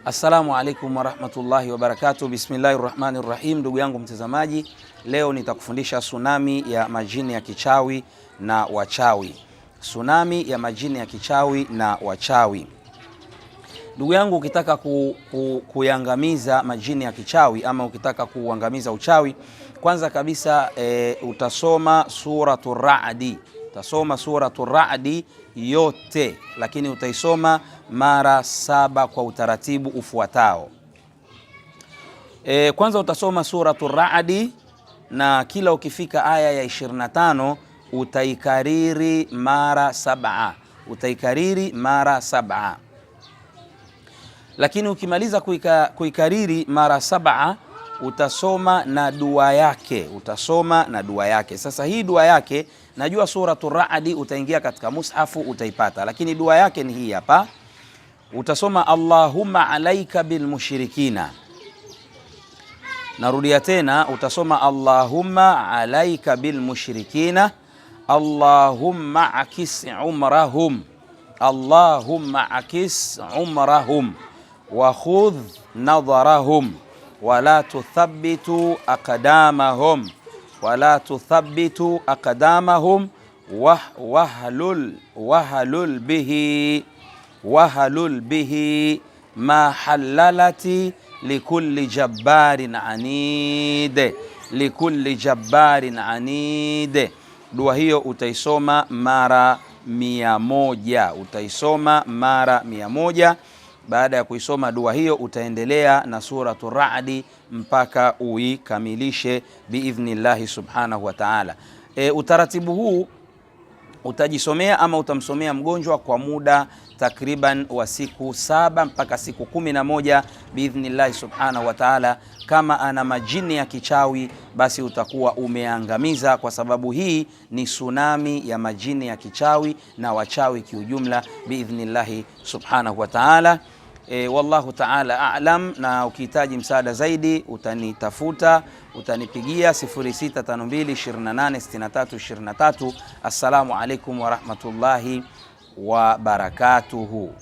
Assalamu alaikum warahmatullahi wabarakatuh. Bismillahi rahmani rahim. Ndugu yangu mtazamaji, leo nitakufundisha sunami ya majini ya kichawi na wachawi. Sunami ya majini ya kichawi na wachawi. Ndugu yangu, ukitaka ku, ku, kuyangamiza majini ya kichawi ama ukitaka kuangamiza uchawi, kwanza kabisa e, utasoma suratu Raadi utasoma suratu Ra'di yote, lakini utaisoma mara saba kwa utaratibu ufuatao. E, kwanza utasoma suratu Ra'di na kila ukifika aya ya 25 utaikariri mara saba, utaikariri mara saba, lakini ukimaliza kuika, kuikariri mara saba utasoma na dua yake, utasoma na dua yake. Sasa hii dua yake najua suratu Raadi utaingia katika mushafu utaipata, lakini dua yake ni hii hapa. Utasoma Allahumma alaika bilmushrikina. Narudia tena, utasoma Allahumma alaika bilmushrikina, Allahumma akis umrahum, Allahumma akis umrahum wa khudh nadharahum wala tuthabitu aqdamahum wala tuthabitu aqdamahum wahlul, wahlul bihi wahalul bihi ma halalati likulli jabbarin anid likulli jabbarin anid. Dua hiyo utaisoma mara mia moja utaisoma mara mia moja. Baada ya kuisoma dua hiyo utaendelea na suratu Ra'di mpaka uikamilishe biidhnillahi subhanahu wa ta'ala. E, utaratibu huu utajisomea ama utamsomea mgonjwa kwa muda takriban wa siku saba mpaka siku kumi na moja biidhnillahi subhanahu wa ta'ala. Kama ana majini ya kichawi, basi utakuwa umeangamiza, kwa sababu hii ni tsunami ya majini ya kichawi na wachawi kiujumla biidhnillahi subhanahu wa ta'ala. E, wallahu taala alam. Na ukihitaji msaada zaidi utanitafuta, utanipigia 0652286323. Assalamu alaikum warahmatullahi wabarakatuhu.